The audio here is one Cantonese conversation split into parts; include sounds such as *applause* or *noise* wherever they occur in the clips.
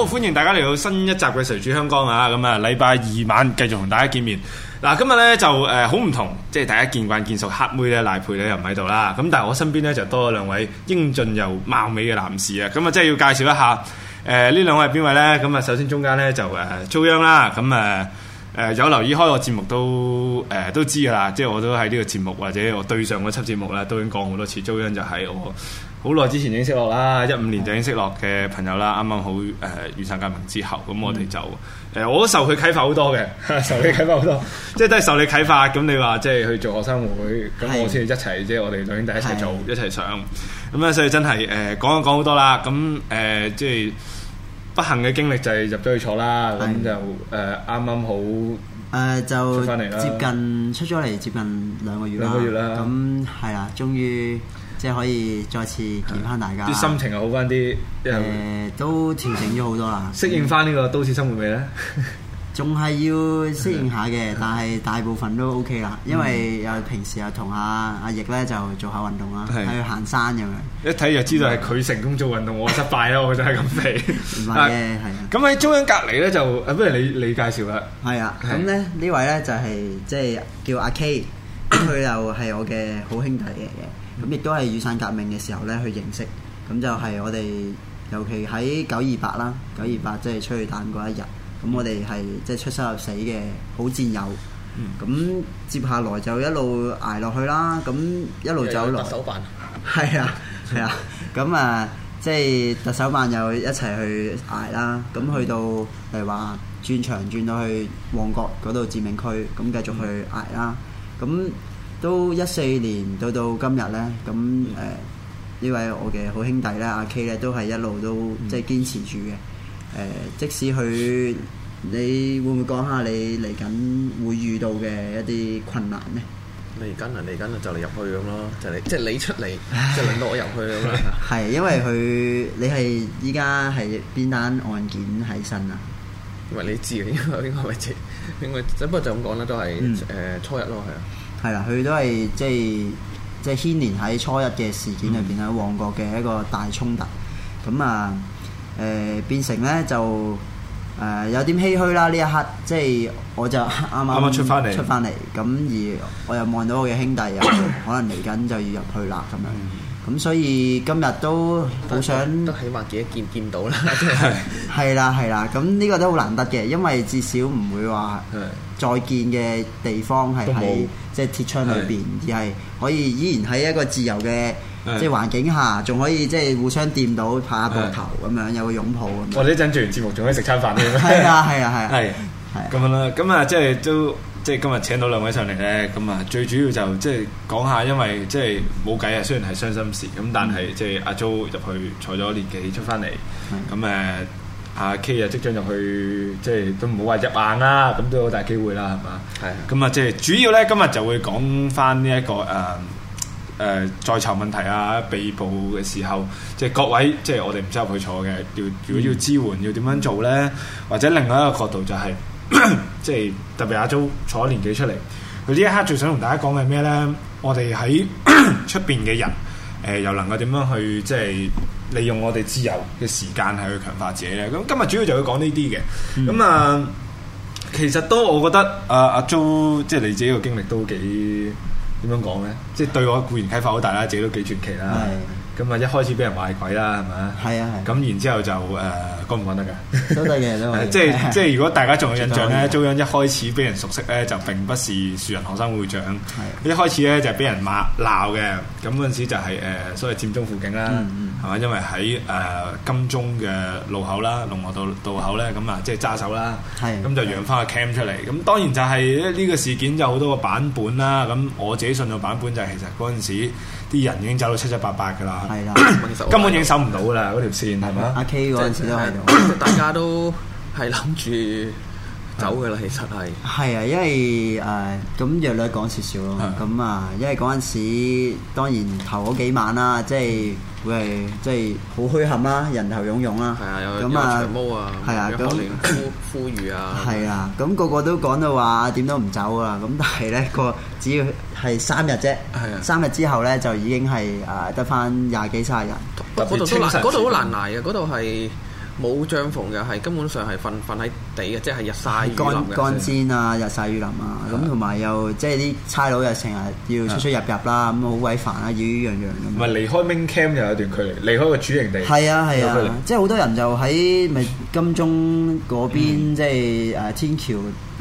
好歡迎大家嚟到新一集嘅誰主香港啊！咁啊，禮拜二晚繼續同大家見面。嗱、啊，今日咧就誒好唔同，即係大家見慣見熟黑妹呢賴培呢，啊、賴培咧又唔喺度啦。咁但係我身邊咧就多咗兩位英俊又貌美嘅男士啊。咁啊，即係要介紹一下誒呢、呃、兩位係邊位咧？咁啊，首先中間咧就誒 Joe、呃、Yeung 啦。咁誒誒有留意開我節目都誒、呃、都知㗎啦。即係我都喺呢個節目或者我對上嗰輯節目咧都已經講好多次，Joe Yeung 就係我。好耐之前認識落啦，一五年就認識落嘅朋友啦，啱啱好誒雨傘革命之後，咁我哋就誒我都受佢啟發好多嘅，受你啟發好多，即係都係受你啟發。咁你話即係去做學生會，咁我先一齊，即係我哋兩兄弟一齊做，一齊上。咁咧，所以真係誒講一講好多啦。咁誒即係不幸嘅經歷就係入咗去坐啦。咁就誒啱啱好誒就出翻嚟啦，接近出咗嚟接近兩個月啦，兩個月啦。咁係啦，終於。即係可以再次見翻大家，啲心情又好翻啲，誒都調整咗好多啦，適應翻呢個都市生活未咧？仲係要適應下嘅，但係大部分都 OK 啦，因為又平時又同阿阿翼咧就做下運動啦，去行山咁樣，一睇就知道係佢成功做運動，我失敗咯，我就係咁肥，唔係嘅，係。咁喺中央隔籬咧，就不如你你介紹啦，係啊，咁咧呢位咧就係即係叫阿 K，佢又係我嘅好兄弟嚟嘅。咁亦都係雨傘革命嘅時候咧，去認識。咁就係我哋，尤其喺九二八啦，九二八即係出去打嗰一日。咁、嗯、我哋係即係出生入死嘅、好戰友。咁、嗯、接下來就一路捱落去啦。咁一路走落特首辦，係啊係啊。咁啊，即 *laughs* 係 *laughs* 特首辦又一齊去捱啦。咁去到、嗯、例如話轉場轉到去旺角嗰度致命區，咁繼續去捱啦。咁、嗯。嗯都一四年到到今日咧，咁誒呢位我嘅好兄弟啦，阿、啊、K 咧都係一路都即係堅持住嘅。誒、嗯呃，即使佢，你會唔會講下你嚟緊會遇到嘅一啲困難呢？嚟緊啊，嚟緊啊，就嚟入去咁咯，就嚟即係你出嚟，即係輪到我入去咁啊！ *laughs* 係因為佢，你係依家係邊單案件喺身啊？因為你知嘅，應該應該未知，應該，只不過就咁講啦，都係誒、嗯呃、初一咯，係啊。係啦，佢都係即係即係牽連喺初一嘅事件裏邊，喺旺角嘅一個大衝突，咁啊誒、呃、變成咧就誒、呃、有點唏噓啦。呢一刻即係我就啱啱啱出翻嚟，出翻嚟。咁而我又望到我嘅兄弟又 *coughs* 可能嚟緊就要入去啦咁樣。咁所以今日都好想都起碼見見到啦，真係，係啦係啦，咁呢個都好難得嘅，因為至少唔會話再見嘅地方係喺即係鐵窗裏邊，而係可以依然喺一個自由嘅即係環境下，仲對 可以即係、就是、互相掂到拍下膊頭咁樣，有個擁抱咁。對 我哋一陣做完節目仲可以食餐飯添，係啊係啊係啊係，咁、就是、樣啦，咁啊即係都。即係今日請到兩位上嚟咧，咁啊最主要就即係講下，因為即係冇計啊，雖然係傷心事，咁但係即係阿 Jo 入去坐咗年幾出翻嚟，咁誒阿 K 啊就即將入去，即係都唔好話入硬啦，咁都好大機會啦，係嘛？係、嗯。咁啊，即係主要咧，今日就會講翻呢一個誒誒、呃呃、在囚問題啊，被捕嘅時候，即、就、係、是、各位，即、就、係、是、我哋唔使入去坐嘅，要如果要，要支援要點樣做咧？嗯、或者另外一個角度就係、是。咳咳，即係特別阿 Joe 坐咗年幾出嚟，佢呢一刻最想同大家講嘅係咩咧？我哋喺出邊嘅人，誒、呃、又能夠點樣去即係利用我哋自由嘅時間係去強化自己咧？咁今日主要就要講呢啲嘅，咁啊、嗯，其實都我覺得阿阿 Joe 即係你自己嘅經歷都幾點樣講咧？即、就、係、是、對我固然啟發好大啦，自己都幾傳奇啦。嗯嗯咁啊，一開始俾人壞鬼啦，係咪啊？係啊，係。咁然之後就誒，講唔講得㗎？都得嘅，都。 *laughs* *laughs* 即係即係，如果大家仲有印象咧， *laughs* 中央一開始俾人熟悉咧，就並不是樹人學生會長。係、啊。一開始咧就俾人罵鬧嘅，咁嗰陣時就係、是、誒、呃，所謂佔中附近啦，係嘛、嗯嗯？因為喺誒、呃、金鐘嘅路口啦，龍和道路口咧，咁啊， *laughs* 即係揸手啦。係。咁就揚翻個 cam 出嚟，咁當然就係呢個事件有好多個版本啦。咁我自己信嘅版本就係其實嗰陣時。啲人已經走到七七八八㗎啦是的， *coughs* 根本已經守唔到㗎啦，嗰條線係咪？阿、啊、K 嗰陣時都係， *coughs* 大家都係諗住走㗎啦，其實係。係啊，因為誒咁約略講少少咯，咁啊，因為嗰陣時當然頭嗰幾晚啦，即係。會係即係好墟冚啦，人頭湧湧啦，咁啊，長毛 *coughs* *coughs* 啊，呼呼籲啊，係啊，咁個個都講到話點都唔走啊，咁但係咧個只要係三日啫，三日之後咧就已經係誒得翻廿幾卅人，嗰度嗰度好難捱啊，嗰度係。冇帳篷嘅，係根本上係瞓瞓喺地嘅，即係日曬雨淋嘅。乾乾煎啊，日曬雨淋啊，咁同埋又即係啲差佬又成日要出出入入啦，咁好鬼煩啊，要樣樣樣咁。唔係離開 Main Camp 又有一段距離，離開個主營地。係啊係啊，即係好多人就喺咪金鐘嗰邊，即係誒天橋。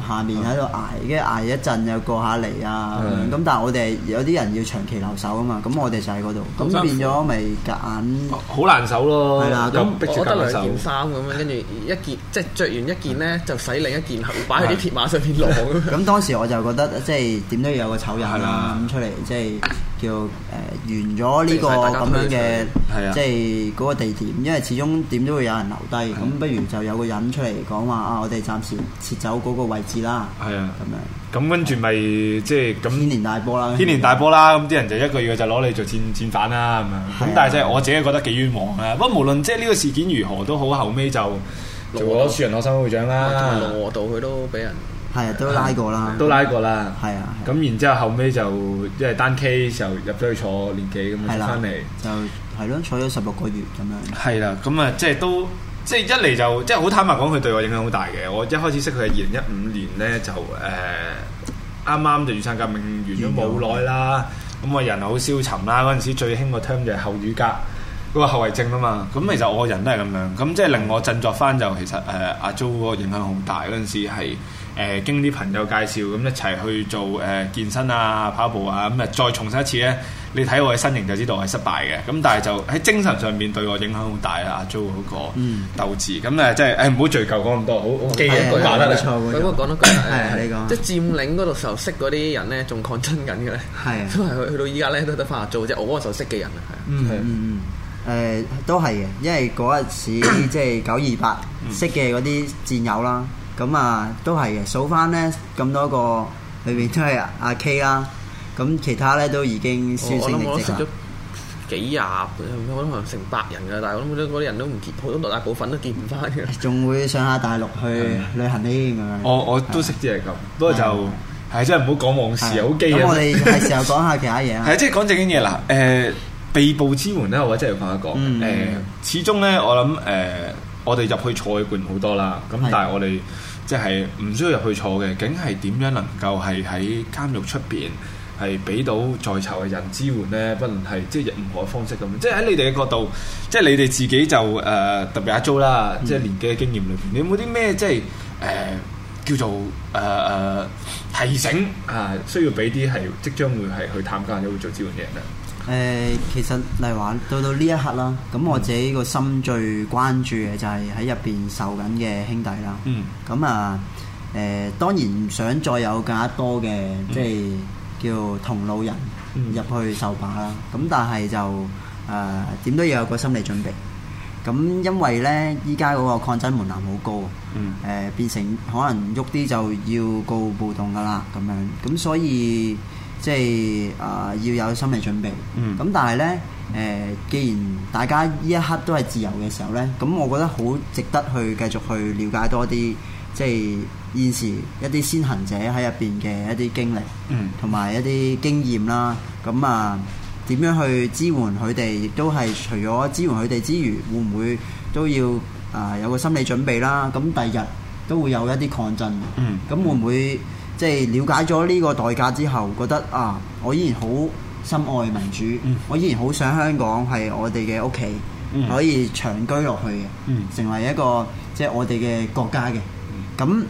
下面喺度捱，跟住捱一陣又過下嚟啊！咁但係我哋有啲人要長期留守啊嘛，咁我哋就喺嗰度，咁、嗯、變咗咪夾硬。好、啊、難守咯，係啦，咁、嗯、我得兩件衫咁樣，跟住一件即係着完一件咧，就洗另一件，後擺喺啲鐵馬上邊晾。咁當時我就覺得即係點都要有個醜人啦咁出嚟，即、就、係、是。叫誒完咗呢個咁樣嘅，即係嗰個地點，因為始終點都會有人留低，咁不如就有個人出嚟講話啊，我哋暫時撤走嗰個位置啦。係啊，咁樣咁跟住咪即係咁。天年大波啦，天年大波啦，咁啲人就一個月就攞嚟做戰戰犯啦，咁啊，咁但係即係我自己覺得幾冤枉啊！不過無論即係呢個事件如何都好，後尾就攞樹人學生會長啦，攞到佢都俾人。係啊，都拉過啦，嗯、都拉過啦。係啊，咁然之後後尾就即係單 K 時候入咗去坐年幾咁樣翻嚟，就係咯，坐咗十六個月咁樣。係啦，咁啊即係都即係一嚟就即係好坦白講，佢對我影響好大嘅。我一開始識佢係二零一五年咧，就誒啱啱就雨傘革命完咗冇耐啦，咁啊有，人好消沉啦。嗰陣時最興個 term 就係後雨傘嗰個後遺症啊嘛。咁其實我人都係咁樣，咁、嗯、即係令我振作翻就其實誒、呃、阿 Joe 個影響好大嗰陣時係。誒經啲朋友介紹咁一齊去做誒健身啊、跑步啊，咁啊再重申一次咧，你睇我嘅身形就知道係失敗嘅。咁但係就喺精神上面對我影響好大啊！阿 Jo 嗰個鬥志，咁啊即係誒唔好追究講咁多，好我記得講得冇錯，講得講得講得係即係佔領嗰度時候識嗰啲人咧，仲抗爭緊嘅咧，係都係去到依家咧都得翻做啫。我嗰時候識嘅人啊，係啊，都係嘅，因為嗰陣時即係九二八識嘅嗰啲戰友啦。咁啊，都係嘅。數翻咧咁多個裏邊都係阿 K 啦，咁其他咧都已經銷聲匿跡啦。幾廿，我諗成百人㗎，但係我諗嗰啲人都唔見，好多大部分都見唔翻嘅。仲會上下大陸去旅行咁㗎。我我都識啲係咁，不過就係真係唔好講往事，好驚。咁我哋係時候講下其他嘢啦。係啊，即係講正經嘢啦。誒，被捕之門咧，我即係咁樣講。誒，始終咧，我諗誒，我哋入去賽館好多啦。咁，但係我哋。即係唔需要入去坐嘅，竟係點樣能夠係喺監獄出邊係俾到在囚嘅人支援呢？不能係即係任何方式咁。即係喺你哋嘅角度，即係你哋自己就誒、呃、特別阿 Joe 啦，嗯、即係年紀嘅經驗裏邊，你有冇啲咩即係誒、呃、叫做誒誒、呃呃、提醒啊？需要俾啲係即將會係去探監或者會做支援嘅人呢？誒，其實，例如話到到呢一刻啦，咁、嗯、我自己個心最關注嘅就係喺入邊受緊嘅兄弟啦。嗯。咁、呃、啊，誒當然唔想再有更加多嘅，嗯、即係叫同路人入去受把啦。咁、嗯、但係就誒點都要有個心理準備。咁因為咧，依家嗰個抗爭門檻好高。嗯。誒、呃，變成可能喐啲就要告暴動噶啦，咁樣。咁所以。即係啊、呃，要有心理準備。嗯。咁但係呢，誒、呃，既然大家呢一刻都係自由嘅時候呢，咁我覺得好值得去繼續去了解多啲，即係現時一啲先行者喺入邊嘅一啲經歷，同埋、嗯、一啲經驗啦。咁啊，點樣去支援佢哋？亦都係除咗支援佢哋之餘，會唔會都要啊、呃、有個心理準備啦？咁第二日都會有一啲抗爭。嗯。咁會唔會？即係了解咗呢個代價之後，覺得啊，我依然好深愛民主，嗯、我依然好想香港係我哋嘅屋企，嗯、可以長居落去嘅，成為一個即係、就是、我哋嘅國家嘅。咁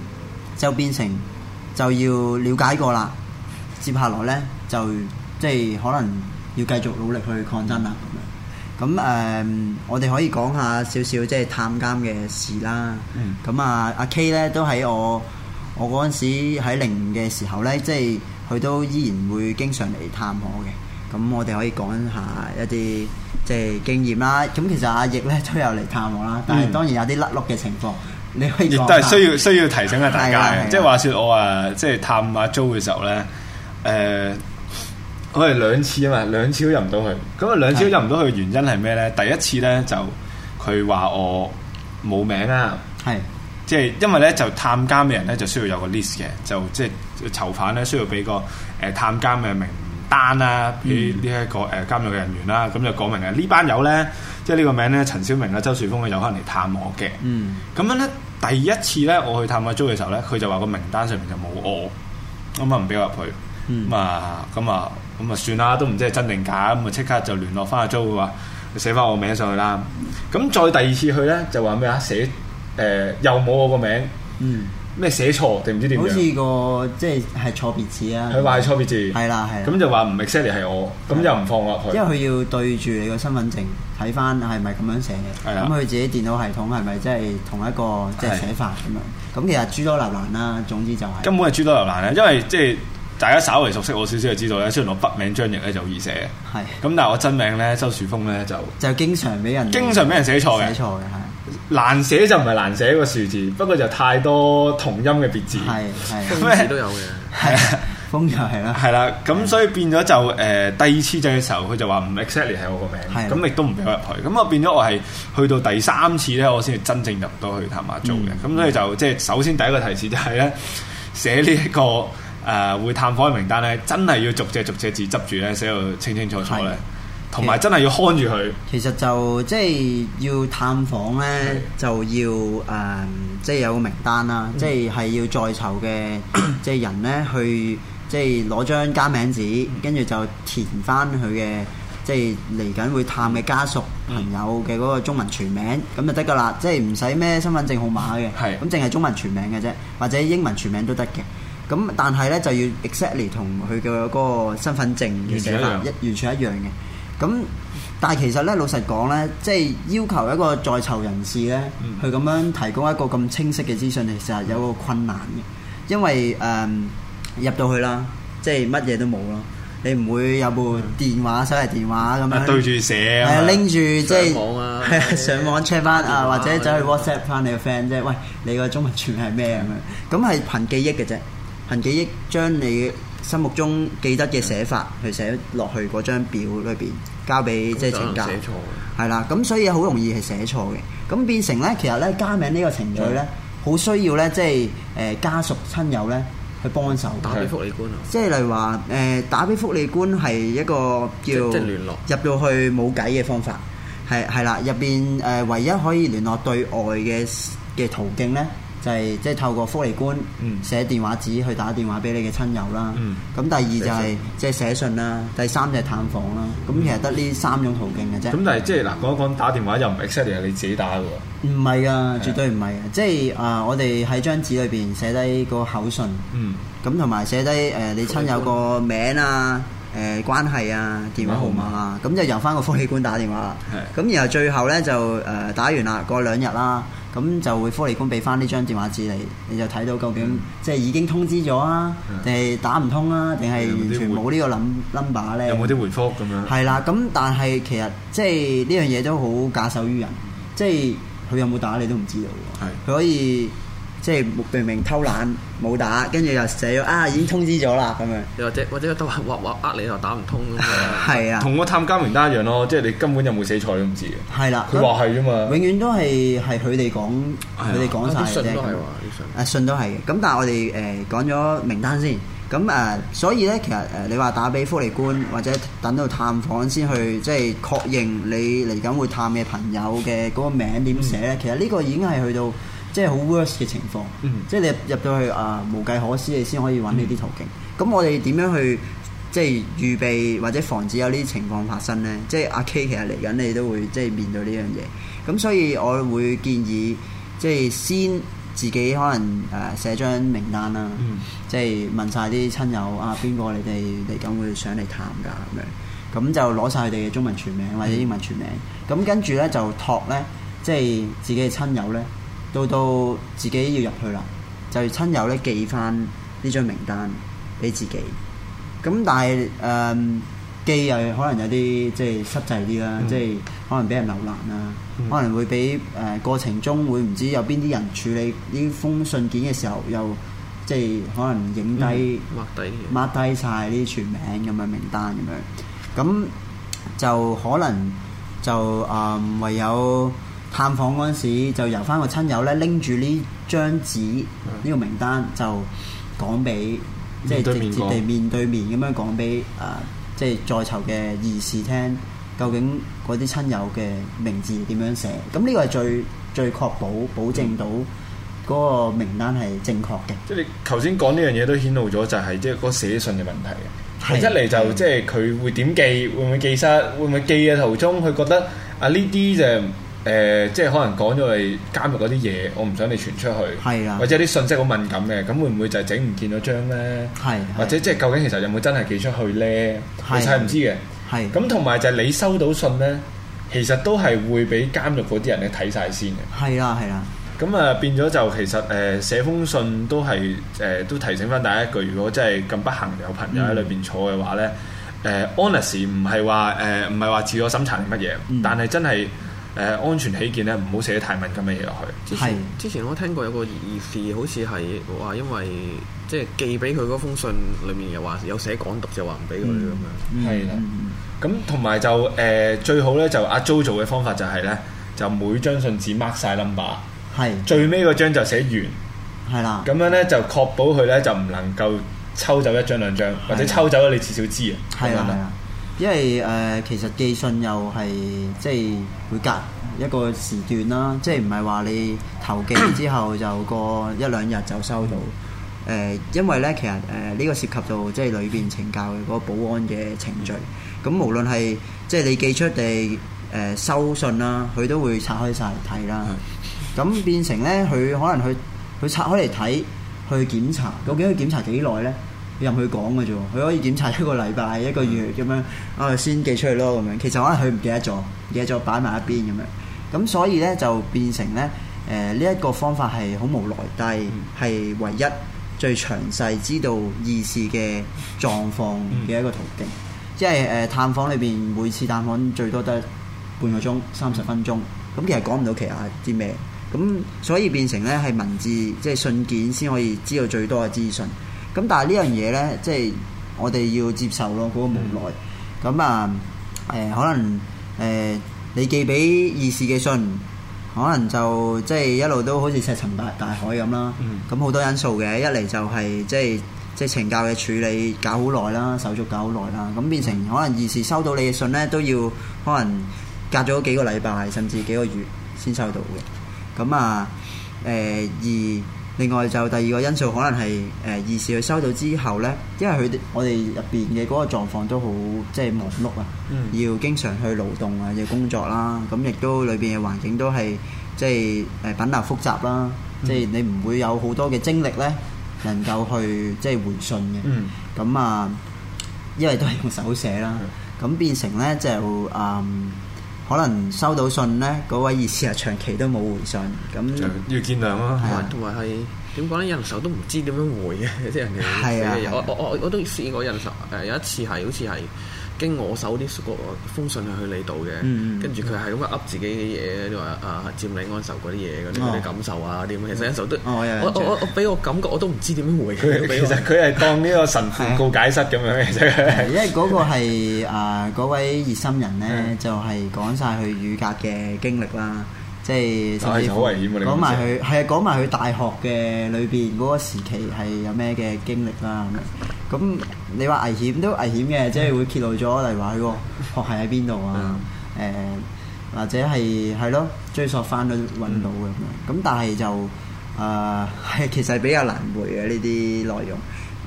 就變成就要了解過啦。接下來呢，就即係、就是、可能要繼續努力去抗爭啦。咁樣咁誒，我哋可以講下少少即係探監嘅事啦。咁、嗯、啊，阿 K 呢，都喺我。我嗰陣時喺零五嘅時候咧，即係佢都依然會經常嚟探我嘅。咁我哋可以講下一啲即係經驗啦。咁其實阿易咧都有嚟探我啦，但係當然有啲甩碌嘅情況，嗯、你可以亦都係需要是需要提醒下大家。即係話説我誒、啊，即係探阿 Jo 嘅時候咧，誒、呃、我哋兩次啊嘛，兩次都入唔到去。咁啊兩次都入唔到去嘅原因係咩咧？的第一次咧就佢話我冇名啊，係的。的即係因為咧，就探監嘅人咧就需要有個 list 嘅，就即、是、係囚犯咧需要俾個誒探監嘅名單啦，俾呢一個誒監獄人員啦，咁、嗯、就講明嘅呢班友咧，即係呢個名咧，陳小明啊、周樹峰，啊有可能嚟探我嘅。嗯，咁樣咧，第一次咧我去探阿 Jo 嘅時候咧，佢就話個名單上面就冇我，咁啊唔俾我入去。嗯。咁啊，咁啊，咁啊算啦，都唔知係真定假，咁啊即刻就聯絡翻阿 Jo 嘅話寫翻我名上去啦。咁再第二次去咧就話咩啊？寫誒、呃、又冇我個名，咩、嗯、寫錯定唔知點樣？好似個即係錯別字啊！佢話係錯別字，係啦係。咁就話唔係 Shelly 係我，咁又唔放落去。因為佢要對住你個身份證睇翻係咪咁樣寫，咁佢的自己電腦系統係咪即係同一個即係寫法咁樣？咁的其實諸多難難啦，總之就係根本係諸多留難啦，因為即係。大家稍微熟悉我少少就知道咧，雖然我筆名張翼咧就易寫嘅，咁，但係我真名咧周樹峰咧就就經常俾人經常俾人寫錯嘅，寫錯嘅係難寫就唔係難寫個數字，不過就太多同音嘅別字，係係風字都有嘅，係風就係啦，係啦，咁所以變咗就誒第二次制嘅時候，佢就話唔 accept 係我個名，咁亦都唔俾我入去，咁啊變咗我係去到第三次咧，我先至真正入到去探馬做嘅，咁所以就即係首先第一個提示就係咧寫呢一個。誒、啊、會探訪嘅名單咧，真係要逐隻逐隻字執住咧，寫到清清楚楚咧。同埋真係要看住佢。其實,其實就即係、就是、要探訪咧是的、呃，就要誒即係有個名單啦，即係係要在囚嘅即係人咧 *coughs* 去即係攞張加名紙，跟住就填翻佢嘅即係嚟緊會探嘅家屬朋友嘅嗰個中文全名，咁、嗯、就得噶啦。即係唔使咩身份證號碼嘅，係咁淨係中文全名嘅啫，或者英文全名都得嘅。咁但係咧就要 exactly 同佢嘅嗰個身份證嘅寫法一完全一樣嘅。咁但係其實咧老實講咧，即係要求一個在囚人士咧，佢咁樣提供一個咁清晰嘅資訊，其實係有個困難嘅。因為誒入到去啦，即係乜嘢都冇咯，你唔會有部電話、手提電話咁樣對住寫，係拎住即係上網啊，上網 check 翻啊，或者走去 WhatsApp 翻你個 friend 即係，喂，你個中文全名係咩咁樣？咁係憑記憶嘅啫。憑記憶將你心目中記得嘅寫法去寫落去嗰張表裏邊，交俾即係請假寫錯。係啦，咁所以好容易係寫錯嘅。咁變成咧，其實咧加名呢個程序咧，好需要咧，即係誒家屬親友咧去幫手。打俾福利官即係例如話誒，打俾福利官係一個叫入到去冇計嘅方法，係，係啦。入邊誒唯一可以聯絡對外嘅嘅途徑咧。就係即係透過福利官寫電話紙去打電話俾你嘅親友啦。咁第二就係即係寫信啦。第三就係探訪啦。咁其實得呢三種途徑嘅啫。咁但係即係嗱，講一講打電話又唔 exactly 係你自己打喎。唔係啊，絕對唔係啊。即係啊，我哋喺張紙裏邊寫低個口信。咁同埋寫低誒你親友個名啊、誒關係啊、電話號碼啊，咁就由翻個福利官打電話啦。咁然後最後呢，就誒打完啦，過兩日啦。咁就會福利官俾翻呢張電話紙你，你就睇到究竟即係已經通知咗啊，定係、嗯、打唔通啊，定係完全冇呢個冧冧把咧？有冇啲回覆咁樣？係啦，咁但係其實即係呢樣嘢都好假手於人，即係佢有冇打你都唔知道喎。係佢可以。即係明明明偷懶冇打，跟住又寫咗啊！已經通知咗啦咁樣，或者或者都話哇，話呃你又打唔通咁係 *laughs* 啊，同個探監名單一樣咯，嗯、即係你根本就冇寫錯都唔知嘅。係啦、啊，佢話係啫嘛，永遠都係係佢哋講，佢哋講晒嘅啫。信都係話啲信，信都係咁但係我哋誒、呃、講咗名單先，咁、呃、誒所以咧，其實誒你話打俾福利官或者等到探訪先去，即係確認你嚟緊會探嘅朋友嘅嗰個名點寫咧，嗯、其實呢個已經係去到。即係好 worse 嘅情況，嗯即，即係你入到去啊，無計可施，你先可以揾呢啲途徑。咁、嗯、我哋點樣去即係預備或者防止有呢啲情況發生呢？即係阿 K 其實嚟緊，你都會即係面對呢樣嘢。咁所以我會建議即係先自己可能誒、啊、寫張名單啦，嗯、即係問晒啲親友啊，邊個你哋嚟緊會上嚟探㗎咁樣，咁就攞晒佢哋嘅中文全名或者英文全名，咁、嗯、跟住呢，就託呢，即係自己嘅親友呢。到到自己要入去啦，就係親友咧寄翻呢張名單俾自己。咁但係誒、呃、寄又可能有啲即係濕滯啲啦，即係可能俾人留難啦，可能、嗯、可能會俾誒、呃、過程中會唔知有邊啲人處理呢封信件嘅時候，又即係可能影低、嗯、抹低抹低晒呢啲全名咁嘅名單咁樣。咁就可能就誒、呃、唯有。探訪嗰陣時，就由翻個親友咧拎住呢張紙呢、嗯、個名單，就講俾即係直接地面對面咁樣講俾啊，即、呃、係、就是、在囚嘅義士聽，究竟嗰啲親友嘅名字點樣寫？咁呢個係最最確保保證到嗰個名單係正確嘅。嗯、即係你頭先講呢樣嘢都顯露咗、就是，就係即係嗰寫信嘅問題啊！係一嚟就是的嗯、即係佢會點記，會唔會記失？會唔會記嘅、啊、途中佢覺得啊呢啲就是？嗯誒、呃，即係可能講咗你監獄嗰啲嘢，我唔想你傳出去，是的 或者啲信息好敏感嘅，咁會唔會就係整唔見咗張咧？係是的 或者即係究竟其實有冇真係寄出去咧？其實係唔知嘅。係咁同埋就係你收到信咧，其實都係會俾監獄嗰啲人咧睇晒先嘅。係啊，係啊。咁啊，變咗就其實誒寫封信都係誒、呃、都提醒翻大家一句，如果真係咁不幸有朋友喺裏邊坐嘅話咧，誒 onus 唔係話誒唔係話自我審查定乜嘢，但係真係。嗯誒、呃、安全起見咧，唔好寫得太敏感嘅嘢落去。之前是的 之前我聽過有個疑事，好似係話因為即係寄俾佢嗰封信裏面又話有寫港獨、嗯嗯，就話唔俾佢咁樣。係、呃、啦，咁同埋就誒最好咧，就、啊、阿 Jo 做嘅方法就係、是、咧，就每張信紙 mark 晒 number，係是的 最尾嗰張就寫完，係啦是的。咁樣咧就確保佢咧就唔能夠抽走一張兩張，是的 或者抽走咧你，你至少知啊。係啊的。的因為誒、呃，其實寄信又係即係會隔一個時段啦，即係唔係話你投寄之後就過一兩日就收到？誒、嗯呃，因為咧其實誒呢、呃這個涉及到即係裏邊懲教嘅嗰個保安嘅程序。咁無論係即係你寄出定誒、呃、收信啦，佢都會拆開晒嚟睇啦。咁、嗯、變成咧，佢可能去去拆開嚟睇，去檢查究竟佢檢查幾耐咧？任佢講嘅啫佢可以檢查一個禮拜、一個月咁、嗯、樣，我、哦、先寄出去咯咁樣。其實可能佢唔記得咗，記得咗擺埋一邊咁樣。咁所以咧就變成咧，誒呢一個方法係好無奈，但係、嗯、唯一最詳細知道義士嘅狀況嘅一個途徑。嗯、即係誒、呃、探訪裏邊每次探訪最多得半個鐘、三十分鐘，咁其實講唔到其他啲咩。咁所以變成咧係文字，即係信件先可以知道最多嘅資訊。咁但係呢樣嘢呢，即係我哋要接受咯，嗰、那個無奈。咁、嗯、啊，誒、呃、可能誒、呃、你寄俾義士嘅信，可能就即係一路都好似石沉大大海咁啦。咁好、嗯、多因素嘅，一嚟就係、是、即係即係懲教嘅處理搞好耐啦，手續搞好耐啦，咁變成可能義士收到你嘅信呢，都要可能隔咗幾個禮拜，甚至幾個月先收到嘅。咁啊，誒、呃、而。另外就第二個因素，可能係誒二是佢、呃、收到之後呢，因為佢我哋入邊嘅嗰個狀況都好即係忙碌啊，嗯、要經常去勞動啊，要工作啦，咁亦都裏邊嘅環境都係即係誒品流複雜啦，即係、嗯、你唔會有好多嘅精力呢，能夠去即係回信嘅，咁、嗯、啊，因為都係用手寫啦，咁是的 變成呢，就誒、是。嗯可能收到信呢，嗰位意思係長期都冇回信，咁要，要見諒咯係、啊，同埋係點講呢？有陣時候都唔知點樣回嘅有啲人嘅，我我我我都試過人，有陣時候誒有一次係好似係。經我手啲封信係去你度嘅，跟住佢係咁樣噏自己嘅嘢，你話啊佔領安守嗰啲嘢，嗰啲感受啊啲咁，其實有時候都我我我俾我感覺我都唔知點樣回佢。其實佢係當呢個神父告解室咁樣嘅啫。因為嗰個係嗰位熱心人咧，就係講晒佢乳格嘅經歷啦，即係甚至講埋佢係啊，講埋佢大學嘅裏邊嗰個時期係有咩嘅經歷啦。咁你話危險都危險嘅，嗯、即係會揭露咗例如話佢個學系喺邊度啊？誒、嗯呃、或者係係咯追索翻都搵到嘅咁。咁、嗯、但係就誒係、呃、其實比較難回嘅呢啲內容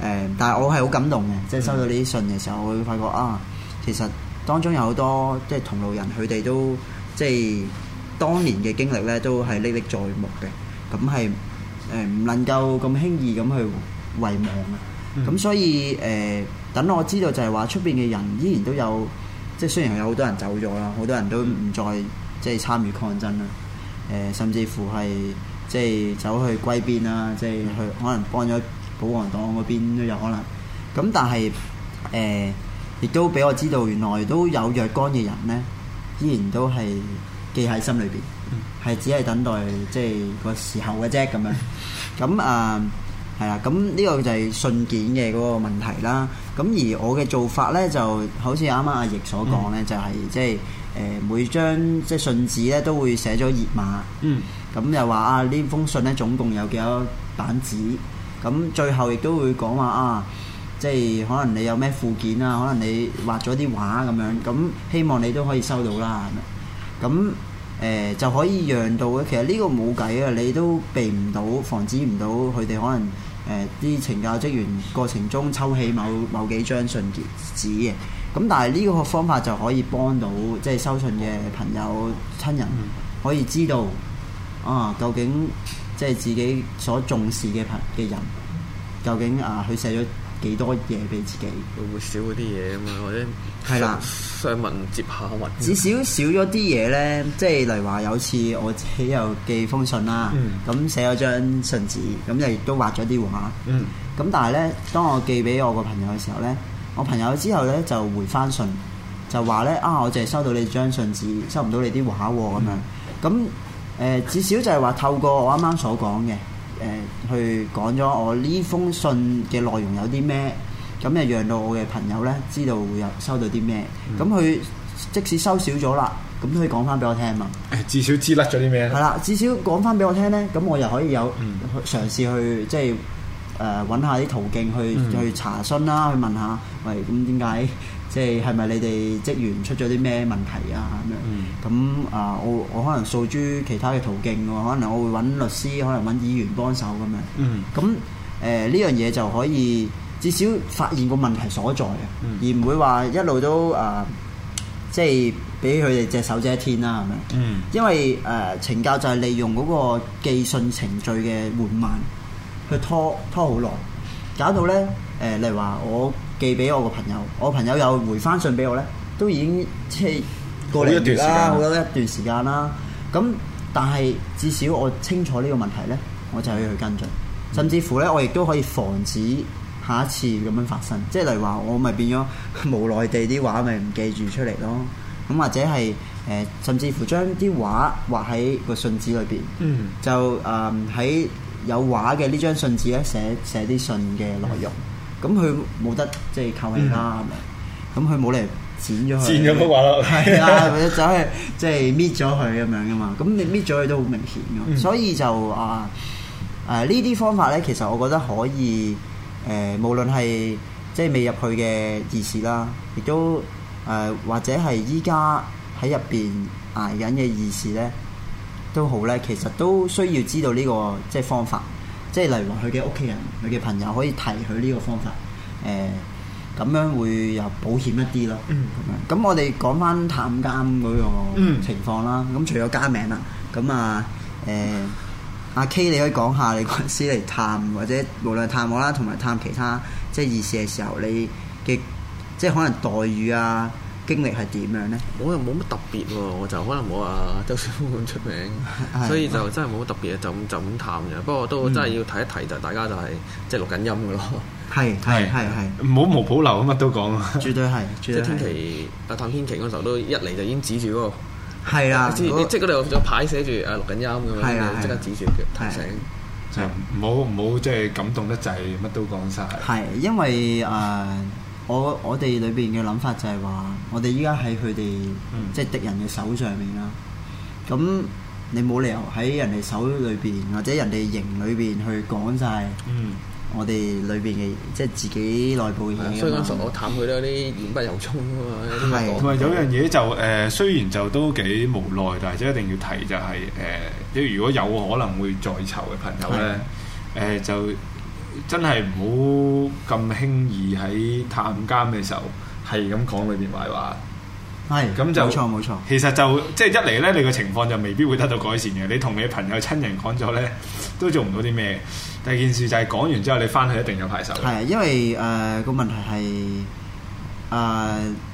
誒。但係我係好感動嘅，嗯、即係收到呢啲信嘅時候，我會發覺啊，其實當中有好多即係同路人，佢哋都即係當年嘅經歷咧，都係歷歷在目嘅。咁係誒唔能夠咁輕易咁去遺忘嘅。咁所以誒、呃，等我知道就係話出邊嘅人依然都有，即係雖然有好多人走咗啦，好多人都唔再即係參與抗爭啦，誒、呃，甚至乎係即係走去歸邊啦，即係去可能幫咗保皇黨嗰邊都有可能。咁但係誒、呃，亦都俾我知道，原來都有若干嘅人咧，依然都係記喺心裏邊，係、嗯、只係等待即係個時候嘅啫咁樣。咁啊 *laughs* ～、呃係啊，咁呢個就係信件嘅嗰個問題啦。咁而我嘅做法呢，就好似啱啱阿易所講呢，嗯、就係即係每張即係信紙呢都會寫咗頁碼。嗯。咁又話啊，呢封信呢總共有幾多版紙？咁最後亦都會講話啊，即係可能你有咩附件啊，可能你畫咗啲畫咁樣，咁希望你都可以收到啦。咁。誒、呃、就可以讓到嘅，其實呢個冇計啊，你都避唔到，防止唔到佢哋可能誒啲懲教職員過程中抽起某某幾張信紙嘅。咁但係呢個方法就可以幫到即係收信嘅朋友親人可以知道啊，究竟即係自己所重視嘅朋嘅人究竟啊佢寫咗幾多嘢俾自己？會唔會少嗰啲嘢啊？嘛，或者係啦，上文接下文。至少少咗啲嘢呢。即係例如話有次我自己又寄封信啦，咁、嗯、寫咗張信紙，咁就亦都畫咗啲畫。咁、嗯、但係呢，當我寄俾我個朋友嘅時候呢，我朋友之後呢，就回翻信，就話呢：「啊，我淨係收到你張信紙，收唔到你啲畫喎咁、嗯、樣。咁、呃、至少就係話透過我啱啱所講嘅。誒、呃、去講咗我呢封信嘅內容有啲咩，咁就讓到我嘅朋友呢知道會有收到啲咩，咁佢、嗯、即使收少咗啦，咁都可以講翻俾我聽嘛。至少知甩咗啲咩？係啦，至少講翻俾我聽呢，咁我又可以有嘗試去、嗯、即係。誒揾下啲途徑去、嗯、去查詢啦，去問下，喂，咁點解？即係係咪你哋職員出咗啲咩問題啊？咁樣咁啊，我、呃、我可能訴諸其他嘅途徑喎，可能我會揾律師，可能揾議員幫手咁、嗯呃、樣。咁誒呢樣嘢就可以至少發現個問題所在嘅，嗯、而唔會話一路都啊，即係俾佢哋隻手遮天啦，係咪？嗯、因為誒懲、呃、教就係利用嗰個寄信程序嘅緩慢。佢拖拖好耐，搞到咧誒，例如話我寄俾我個朋友，我朋友又回翻信俾我咧，都已經即係過咗一段時間啦，過一段時間啦。咁但係至少我清楚呢個問題咧，我就可以去跟進，嗯、甚至乎咧我亦都可以防止下一次咁樣發生。即係例如話我咪變咗無奈地啲畫咪唔記住出嚟咯。咁或者係誒、呃，甚至乎將啲畫畫喺個信紙裏邊，嗯、就誒喺。呃有畫嘅呢張信紙咧，寫寫啲信嘅內容，咁佢冇得即係扣人啦咁樣，咁佢冇嚟剪咗佢，剪咗冇畫咯，係 *laughs* 啊，或者就係即係搣咗佢咁樣噶嘛，咁你搣咗佢都好明顯噶，嗯、所以就啊誒呢啲方法咧，其實我覺得可以誒、呃，無論係即係未入去嘅義士啦，亦都誒、呃、或者係依家喺入邊捱緊嘅義士咧。都好咧，其實都需要知道呢、這個即係方法，即係例如話佢嘅屋企人、佢嘅朋友可以提佢呢個方法，誒、呃、咁樣會又保險一啲咯。嗯，咁我哋講翻探監嗰個情況啦。咁、嗯、除咗加名啦，咁啊誒、呃嗯、阿 K，你可以講下你嗰陣時嚟探或者無論探我啦，同埋探其他即係義士嘅時候，你嘅即係可能待遇啊？經歷係點樣咧？冇又冇乜特別喎，我就可能冇阿周小虎咁出名，所以就真係冇乜特別啊，就咁就咁探嘅。不過都真係要提一提，就大家就係即係錄緊音噶咯。係係係係，唔好無保留咁乜都講啊！絕對係，即係天奇啊！探天奇嗰時候都一嚟就已經指住嗰個係啊，即係嗰度有牌寫住啊錄緊音咁樣，即刻指住提醒，就唔好唔好即係感動得滯，乜都講晒。係因為誒。我我哋裏邊嘅諗法就係話，我哋依家喺佢哋即係敵人嘅手上面啦。咁你冇理由喺人哋手裏邊或者人哋營裏邊去講晒我哋裏邊嘅即係自己內部嘅嘢啊。所以講實，我探佢都有啲言不由衷同埋有樣嘢就誒、呃，雖然就都幾無奈，但係即一定要提就係、是、誒，即、呃、如果有可能會在囚嘅朋友咧，誒對對、呃、就。就真係唔好咁輕易喺探監嘅時候，係咁講裏邊壞話。係是，咁就冇錯冇錯。錯其實就即係、就是、一嚟呢，你個情況就未必會得到改善嘅。你同你朋友親人講咗呢，都做唔到啲咩。第二件事就係講完之後，你返去一定有排受。係，因為誒個問題係誒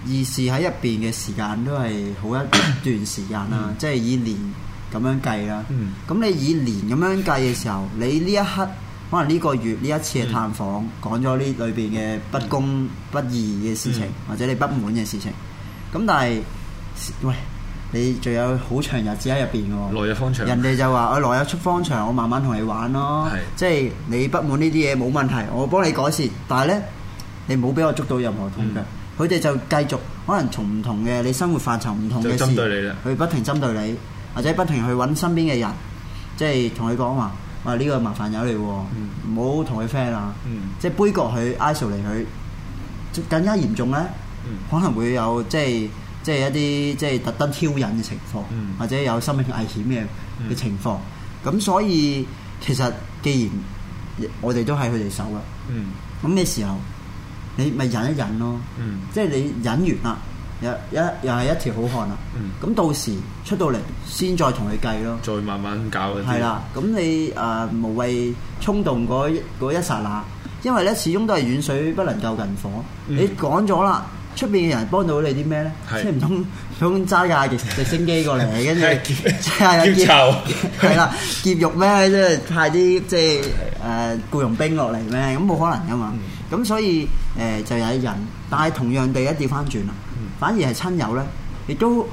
義士喺入邊嘅時間都係好一段時間啦，即係以年咁樣計啦。嗯。咁、嗯、你以年咁樣計嘅時候，你呢一刻。可能呢個月呢一次嘅探訪，講咗呢裏邊嘅不公不義嘅事情，或者你不滿嘅事情。咁但係，喂，你仲有好長日子喺入邊嘅喎。來日方長。人哋就話，我來日出方長，我慢慢同你玩咯。係。即係你不滿呢啲嘢冇問題，我幫你改善。但係呢，你冇俾我捉到任何痛腳。佢哋就繼續可能從唔同嘅你生活範疇唔同嘅事，針對你啦。佢不停針對你，或者不停去揾身邊嘅人，即係同佢講話。哇！呢、啊呢個麻煩友嚟，唔好同佢 friend 啊，嗯、即係杯葛佢 isolate 嚟佢，更加嚴重呢，嗯、可能會有即係即係一啲即係特登挑釁嘅情況，嗯、或者有生命危險嘅嘅情況。咁、嗯、所以其實既然我哋都喺佢哋手啊，咁咩、嗯、時候你咪忍一忍咯，嗯、即係你忍完啦。又一又係一條好漢啊！咁到時出到嚟先，再同佢計咯。再慢慢搞嗰啲。係啦，咁你誒無謂衝動嗰一剎那，因為咧始終都係遠水不能救近火。你講咗啦，出邊嘅人幫到你啲咩咧？即係唔通通揸架直升機過嚟，跟住即係有劫，係啦，劫獄咩？即係派啲即係誒僱傭兵落嚟咩？咁冇可能噶嘛。咁所以誒就有得忍，但係同樣地一調翻轉啦。反而係親友咧，亦都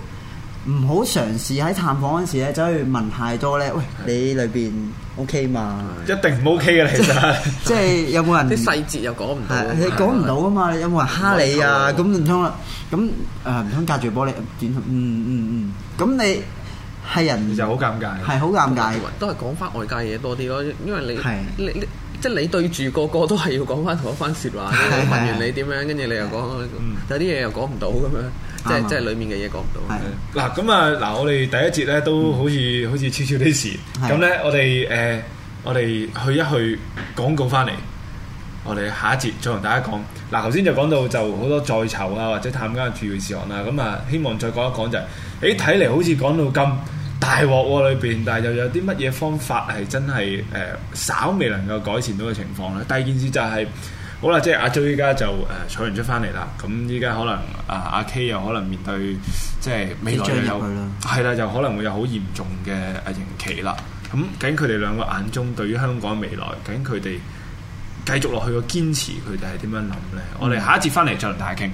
唔好嘗試喺探訪嗰時咧走去問太多咧。喂，你裏邊 O K 嘛？一定唔 O K 嘅，其實。即係有冇人啲細節又講唔到。你講唔到啊嘛？有冇人蝦你啊？咁唔通啊？咁誒唔通隔住玻璃轉？嗯嗯嗯。咁你係人就好尷尬，係好尷尬。都係講翻外界嘢多啲咯，因為你係你。即係你對住個個都係要講翻同一番說話，是的 問完你點樣，跟住你又講，但啲嘢又講唔到咁樣，嗯、即係即係裡面嘅嘢講唔到。嗱咁啊，嗱、啊、我哋第一節咧都好似、嗯、好似超超啲事，咁咧是的 我哋誒、啊、我哋去一去廣告翻嚟，我哋下一節再同大家講。嗱頭先就講到就好多在囚啊或者探監嘅重要事項啦，咁啊，啊希望再講一講就係、是，誒睇嚟好似講到咁。大鑊喎裏邊，但係又有啲乜嘢方法係真係誒、呃，稍微能夠改善到嘅情況咧。第二件事就係、是，好啦，即係阿 Joe 依家就誒坐、呃、完出翻嚟啦，咁依家可能啊、呃、阿 K 又可能面對即係未來有係啦，就可能會有好嚴重嘅啊刑期啦。咁究竟佢哋兩個眼中對於香港未來，究竟佢哋繼續落去個堅持，佢哋係點樣諗咧？嗯、我哋下一節翻嚟再同大家傾。